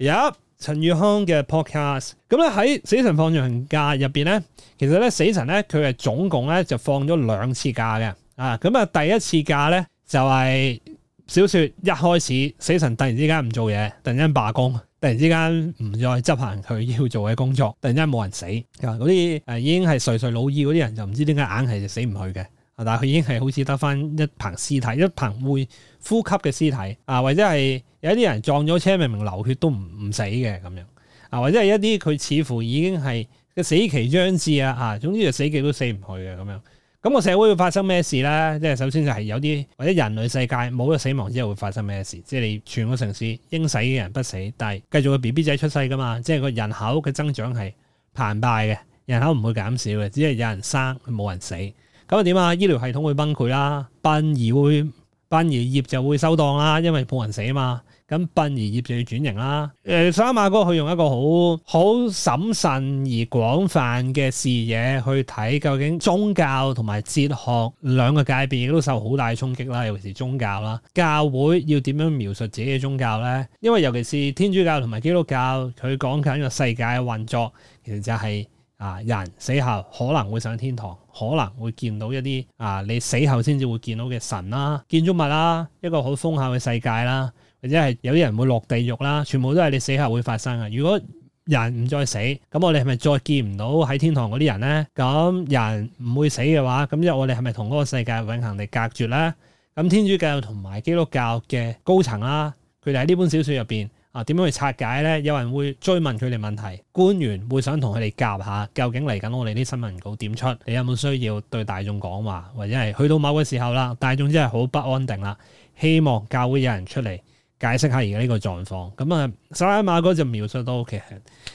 有陳宇康嘅 podcast，咁咧喺死神放長假入邊咧，其實咧死神咧佢係總共咧就放咗兩次假嘅，啊咁啊第一次假咧就係、係、小說一開始，死神突然之間唔做嘢，突然間罷工，突然之間唔再執行佢要做嘅工作，突然間冇人死，嗰啲誒已經係垂垂老矣嗰啲人就唔知點解硬係死唔去嘅。但係佢已經係好似得返一棚屍體，一棚會呼吸嘅屍體啊，或者係有啲人撞咗車，明明流血都唔唔死嘅咁樣啊，或者係一啲佢似乎已經係死期將至啊，嚇，總之就死極都死唔去嘅咁樣。咁、嗯這個社會會發生咩事咧？即係首先就係有啲或者人類世界冇咗死亡之後會發生咩事？即係你全個城市應死嘅人不死，但係繼續個 BB 仔出世㗎嘛？即係個人口嘅增長係澎湃嘅，人口唔會減少嘅，只係有人生冇人死。咁啊點啊？醫療系統會崩潰啦，殯儀會，殯儀業就會收檔啦，因為冇人死嘛。咁殯儀業就要轉型啦。誒，三馬哥佢用一個好好審慎而廣泛嘅視野去睇，究竟宗教同埋哲學兩個界別都受好大衝擊啦。尤其是宗教啦，教會要點樣描述自己嘅宗教呢？因為尤其是天主教同埋基督教，佢講緊個世界嘅運作，其實就係、是。啊！人死後可能會上天堂，可能會見到一啲啊，你死後先至會見到嘅神啦、啊、建築物啦、啊、一個好豐厚嘅世界啦、啊，或者係有啲人會落地獄啦、啊，全部都係你死後會發生嘅。如果人唔再死，咁我哋係咪再見唔到喺天堂嗰啲人咧？咁人唔會死嘅話，咁即我哋係咪同嗰個世界永恆地隔絕咧？咁天主教同埋基督教嘅高層啦、啊，佢哋喺呢本小說入邊。啊，點樣去拆解咧？有人會追問佢哋問題，官員會想同佢哋夾下，究竟嚟緊我哋啲新聞稿點出？你有冇需要對大眾講話？或者係去到某個時候啦，大眾真係好不安定啦，希望教會有人出嚟解釋下而家呢個狀況。咁、嗯、啊，薩拉馬戈就描述到其實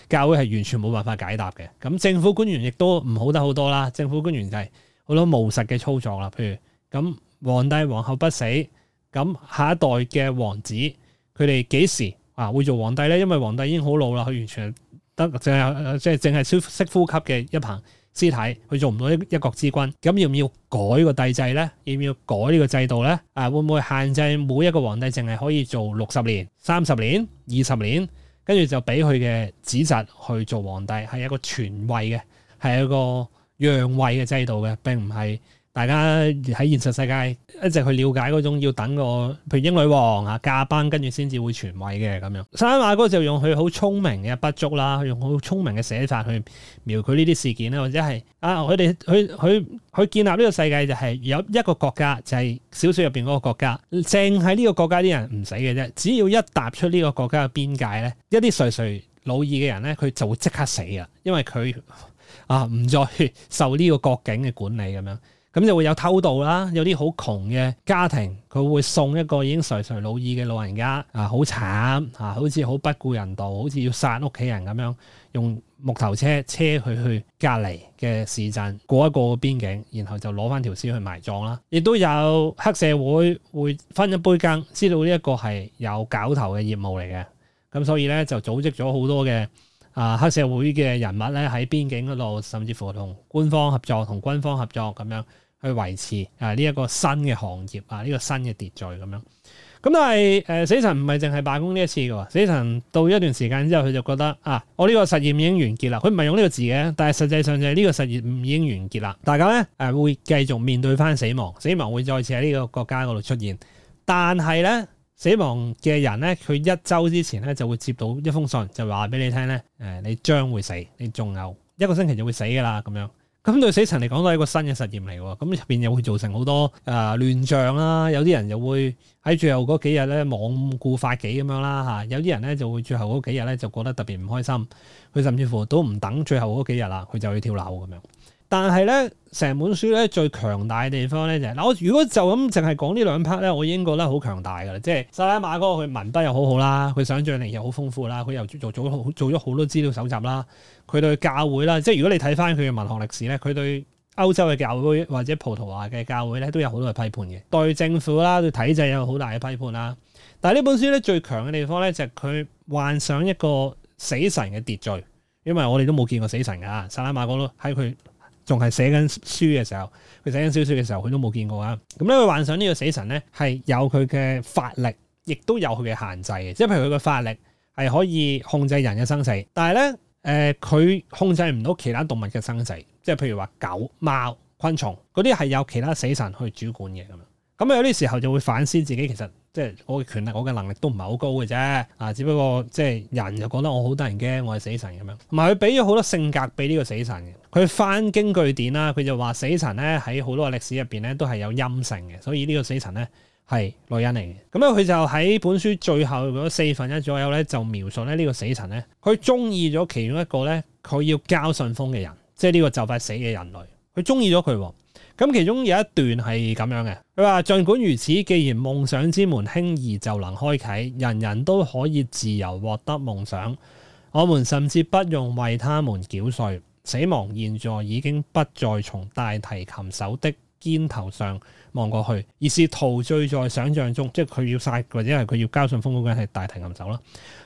教會係完全冇辦法解答嘅。咁、嗯、政府官員亦都唔好得好多啦，政府官員就係好多無實嘅操作啦。譬如咁、嗯，皇帝皇后不死，咁、嗯、下一代嘅王子佢哋幾時？啊！會做皇帝呢？因為皇帝已經好老啦，佢完全得淨係即係淨係識呼吸嘅一棚屍體，佢做唔到一一國之君。咁要唔要改個帝制呢？要唔要改呢個制度呢？啊，會唔會限制每一個皇帝淨係可以做六十年、三十年、二十年，跟住就俾佢嘅子侄去做皇帝，係一個傳位嘅，係一個讓位嘅制度嘅，並唔係。大家喺現實世界一直去了解嗰種要等個，譬如英女王啊，駕崩跟住先至會傳位嘅咁樣。莎拉哥就用佢好聰明嘅筆觸啦，用好聰明嘅寫法去描繪呢啲事件啦，或者係啊佢哋佢佢佢建立呢個世界就係有一個國家就係、是、小説入邊嗰個國家，淨係呢個國家啲人唔死嘅啫，只要一踏出呢個國家嘅邊界咧，一啲垂垂老矣嘅人咧，佢就會即刻死啊，因為佢啊唔再受呢個國境嘅管理咁樣。咁就會有偷渡啦，有啲好窮嘅家庭，佢會送一個已經垂垂老矣嘅老人家，啊好慘啊，好似好不顧人道，好似要殺屋企人咁樣，用木頭車車佢去隔離嘅市鎮過一過個邊境，然後就攞翻條屍去埋葬啦。亦都有黑社會會分一杯羹，知道呢一個係有搞頭嘅業務嚟嘅，咁所以咧就組織咗好多嘅。啊！黑社會嘅人物咧，喺邊境嗰度，甚至乎同官方合作、同軍方合作咁樣去維持啊呢一、這個新嘅行業啊，呢、這個新嘅秩序咁樣。咁但係誒、呃、死神唔係淨係罷工呢一次嘅，死神到一段時間之後，佢就覺得啊，我呢個實驗已經完結啦。佢唔係用呢個字嘅，但係實際上就係呢個實驗已經完結啦。大家咧誒、呃、會繼續面對返死亡，死亡會再次喺呢個國家嗰度出現，但係咧。死亡嘅人咧，佢一周之前咧就會接到一封信，就話俾你聽咧，誒，你將會死，你仲有一個星期就會死㗎啦，咁樣。咁對死神嚟講都係一個新嘅實驗嚟喎，咁入邊又會造成好多誒亂象啦，有啲人又會喺最後嗰幾日咧罔顧法紀咁樣啦嚇、啊，有啲人咧就會最後嗰幾日咧就覺得特別唔開心，佢甚至乎都唔等最後嗰幾日啦，佢就去跳樓咁樣。但係咧，成本書咧最強大嘅地方咧就係嗱，我如果就咁淨係講呢兩 part 咧，我已經覺得好強大噶啦。即係薩拉馬哥佢文筆又好好啦，佢想像力又好豐富啦，佢又做咗好做咗好多資料搜集啦，佢對教會啦，即係如果你睇翻佢嘅文學歷史咧，佢對歐洲嘅教會或者葡萄牙嘅教會咧都有好多嘅批判嘅，對政府啦，對體制有好大嘅批判啦。但係呢本書咧最強嘅地方咧就係、是、佢幻想一個死神嘅秩序，因為我哋都冇見過死神噶。薩拉馬哥都喺佢。仲係寫緊書嘅時候，佢寫緊小説嘅時候，佢都冇見過啊！咁咧，佢幻想呢個死神呢，係有佢嘅法力，亦都有佢嘅限制嘅。即係譬如佢嘅法力係可以控制人嘅生死，但係呢，誒、呃，佢控制唔到其他動物嘅生死。即係譬如話狗、貓、昆蟲嗰啲係有其他死神去主管嘅咁樣。咁有啲時候就會反思自己其實。即係我嘅權力，我嘅能力都唔係好高嘅啫。啊，只不過即係人就覺得我好得人驚，我係死神咁樣。同埋佢俾咗好多性格俾呢個死神嘅。佢翻經據典啦，佢就話死神咧喺，好多歷史入邊咧都係有陰性嘅，所以呢個死神咧係女人嚟嘅。咁樣佢就喺本書最後嗰四分一左右咧就描述咧呢個死神咧，佢中意咗其中一個咧，佢要交信封嘅人，即係呢個就快死嘅人類，佢中意咗佢。咁其中有一段係咁樣嘅，佢話，儘管如此，既然夢想之門輕易就能開啟，人人都可以自由獲得夢想，我們甚至不用為他們繳稅。死亡現在，在已經不再從大提琴手的肩頭上望過去，而是陶醉在想象中，即係佢要殺或者係佢要交信封嗰間係大提琴手啦。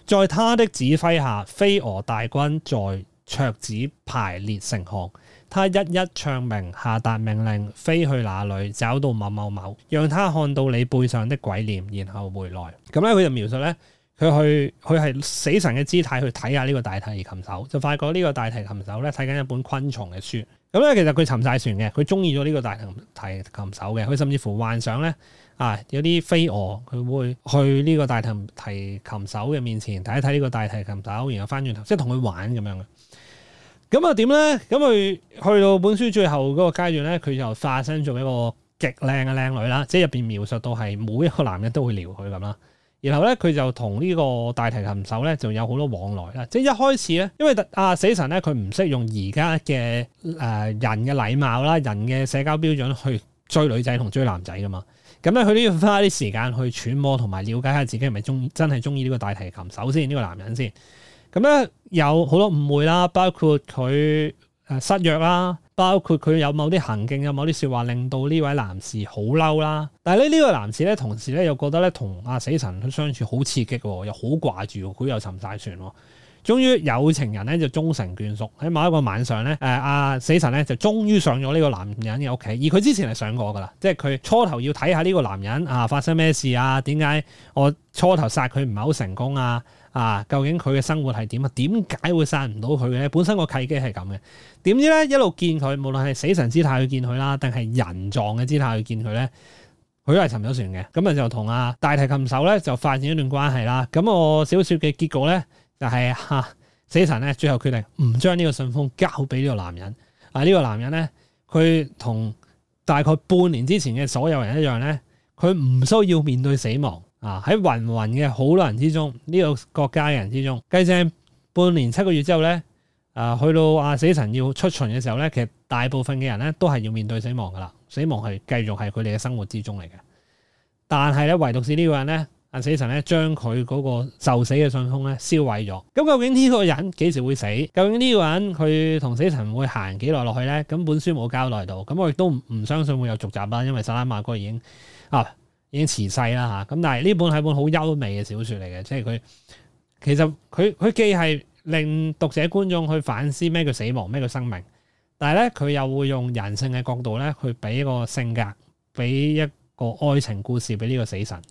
在他的指揮下，飛蛾大軍在桌子，排列成行。他一一唱名下達命令，飛去哪裏找到某某某，讓他看到你背上的鬼臉，然後回來。咁咧，佢就描述咧，佢去佢係死神嘅姿態去睇下呢個大提琴手，就發覺呢個大提琴手咧睇緊一本昆蟲嘅書。咁咧，其實佢沉晒船嘅，佢中意咗呢個大提琴手嘅，佢甚至乎幻想咧啊有啲飛蛾，佢會去呢個大提琴手嘅面前睇一睇呢個大提琴手，然後翻轉頭即係同佢玩咁樣嘅。咁啊，點咧？咁佢去到本書最後嗰個階段咧，佢就化身做一個極靚嘅靚女啦，即係入邊描述到係每一個男人都會撩佢咁啦。然後咧，佢就同呢個大提琴手咧，仲有好多往來啦。即係一開始咧，因為阿、啊、死神咧，佢唔識用而家嘅誒人嘅禮貌啦，人嘅社交標準去追女仔同追男仔噶嘛。咁咧，佢都要花啲時間去揣摩同埋了解下自己係咪中意真係中意呢個大提琴手先，呢、這個男人先。咁咧，有好多誤會啦，包括佢誒失約啦，包括佢有某啲行徑，有某啲説話令到呢位男士好嬲啦。但係呢呢個、這個男士咧，同時咧又覺得咧同阿死神佢相處好刺激喎、哦，又好掛住喎，佢又沉曬船喎、哦。終於有情人咧就終成眷屬，喺某一個晚上咧，誒、呃、阿死神咧就終於上咗呢個男人嘅屋企，而佢之前係上過噶啦，即係佢初頭要睇下呢個男人啊發生咩事啊，點解我初頭殺佢唔係好成功啊？啊，究竟佢嘅生活係點啊？點解會殺唔到佢嘅咧？本身個契機係咁嘅，點知咧一路見佢，無論係死神姿態去見佢啦，定係人狀嘅姿態去見佢咧，佢都係沉咗船嘅。咁啊就同阿大提琴手咧就發展一段關係啦。咁我小説嘅結局咧就係、是、嚇、啊、死神咧最後決定唔將呢個信封交俾呢個男人。啊呢、呢個男人咧，佢同大概半年之前嘅所有人一樣咧，佢唔需要面對死亡。啊！喺芸芸嘅好多人之中，呢、這個國家嘅人之中，計正半年七個月之後咧，啊，去到阿、啊、死神要出巡嘅時候咧，其實大部分嘅人咧都係要面對死亡噶啦，死亡係繼續係佢哋嘅生活之中嚟嘅。但係咧，唯獨是呢個人咧，阿、啊、死神咧將佢嗰個受死嘅信封咧燒毀咗。咁究竟呢個人幾時會死？究竟呢個人佢同死神會行幾耐落去咧？咁本書冇交代到。咁我亦都唔相信會有續集啦，因為薩拉馬哥已經啊～啊已經辭世啦吓，咁但係呢本係一本好優美嘅小說嚟嘅，即係佢其實佢佢既係令讀者觀眾去反思咩叫死亡，咩叫生命，但係咧佢又會用人性嘅角度咧，去俾一個性格，俾一個愛情故事俾呢個死神。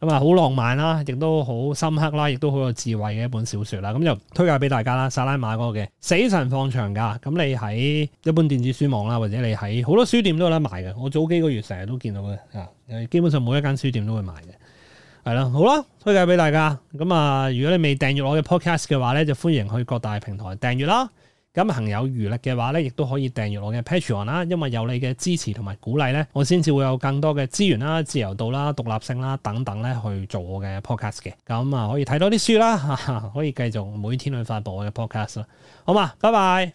咁啊，好、嗯、浪漫啦，亦都好深刻啦，亦都好有智慧嘅一本小説啦，咁、嗯、就推介俾大家啦。薩拉馬哥嘅《死神放長假》，嗯，咁你喺一般電子書網啦，或者你喺好多書店都有得賣嘅。我早幾個月成日都見到嘅啊、嗯，基本上每一間書店都會賣嘅，係啦，好啦，推介俾大家。咁、嗯、啊，如果你未訂閱我嘅 podcast 嘅話咧，就歡迎去各大平台訂閱啦。咁行有餘力嘅話咧，亦都可以訂閱我嘅 Patreon 啦，因為有你嘅支持同埋鼓勵咧，我先至會有更多嘅資源啦、自由度啦、獨立性啦等等咧去做我嘅 podcast 嘅。咁、嗯、啊，可以睇多啲書啦，可以繼續每天去發佈我嘅 podcast 啦。好嘛，拜拜。